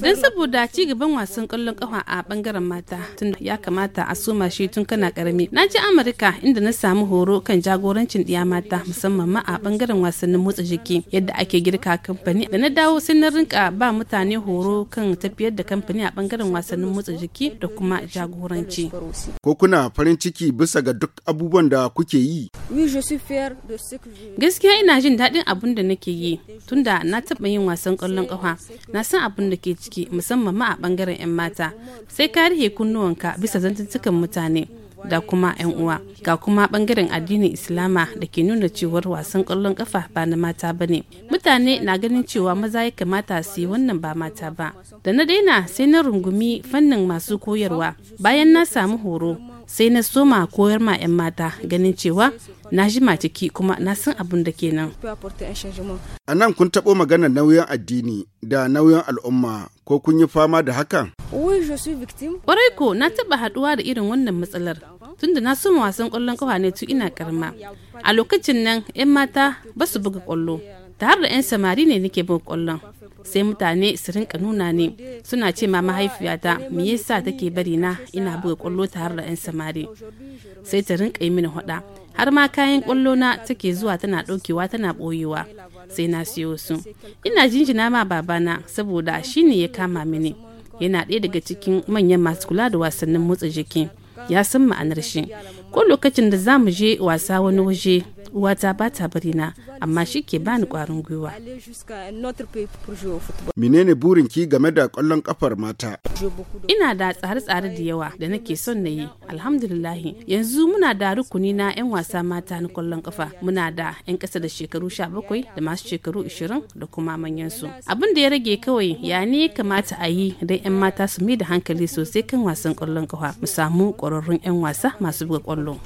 don saboda ci gaban wasan kwallon kafa a bangaren mata tun ya kamata a soma shi tun kana karami na je amurka inda na samu horo kan jagorancin diya mata musamman ma a bangaren wasannin motsa jiki yadda ake girka kamfani da na dawo sai na rinka ba mutane horo kan tafiyar da kamfani a bangaren wasannin motsa jiki da kuma jagoranci ko kuna farin ciki bisa ga duk abubuwan da kuke yi gaskiya ina jin daɗin abun da nake yi tunda na taɓa yin wasan kwallon kafa na san abun da ke ciki musamman ma a bangaren 'yan mata sai ka rihe kunnuwanka bisa zantuntukan mutane da kuma 'yan uwa ga kuma bangaren addinin islama da ke nuna cewar wasan kwallon kafa ba na mata ba ne mutane na ganin cewa maza ya kamata su yi wannan ba mata ba da na daina sai na rungumi fannin masu koyarwa bayan na samu horo sai na soma koyar ma 'yan mata ganin cewa na jima ciki kuma na san abin da ke nan. A nan kun taɓo magana nauyin addini da nauyin al'umma ko kun yi fama da hakan? Ƙwarai ko na taɓa haɗuwa da irin wannan matsalar tunda na soma wasan ƙwallon ƙafa ne tun ina karma. A lokacin nan 'yan mata ba su buga ƙwallo, ta har da 'yan samari ne nake buga ƙwallon. sai mutane su rinka nuna ne suna ce ma mahaifiyata me yasa take bari na ina buga kwallo tare da 'yan samari sai ta rinka yi mini hoda har ma kayan kwallo na take zuwa tana ɗaukewa tana ɓoyewa sai na siyo su ina jinjina ma babana saboda shi ne ya kama mini yana ɗaya daga cikin manyan masu kula da wasannin motsa jiki ya san ma'anar shi ko lokacin da za mu je wasa wani waje uwata ba ta bari na amma shi ke bani kwarin gwiwa menene burin ki game da kwallon kafar mata ina da tsare-tsare da yawa da nake son na yi alhamdulillahi yanzu muna da rukuni na 'yan wasa mata na kwallon kafa muna da 'yan ƙasa da shekaru sha-bakwai da masu shekaru 20 da kuma manyansu. su abin da ya rage kawai ya ne kamata a yi don 'yan mata su mai da hankali sosai kan wasan kwallon kafa mu samu ƙwararrun 'yan wasa masu buga kwallo.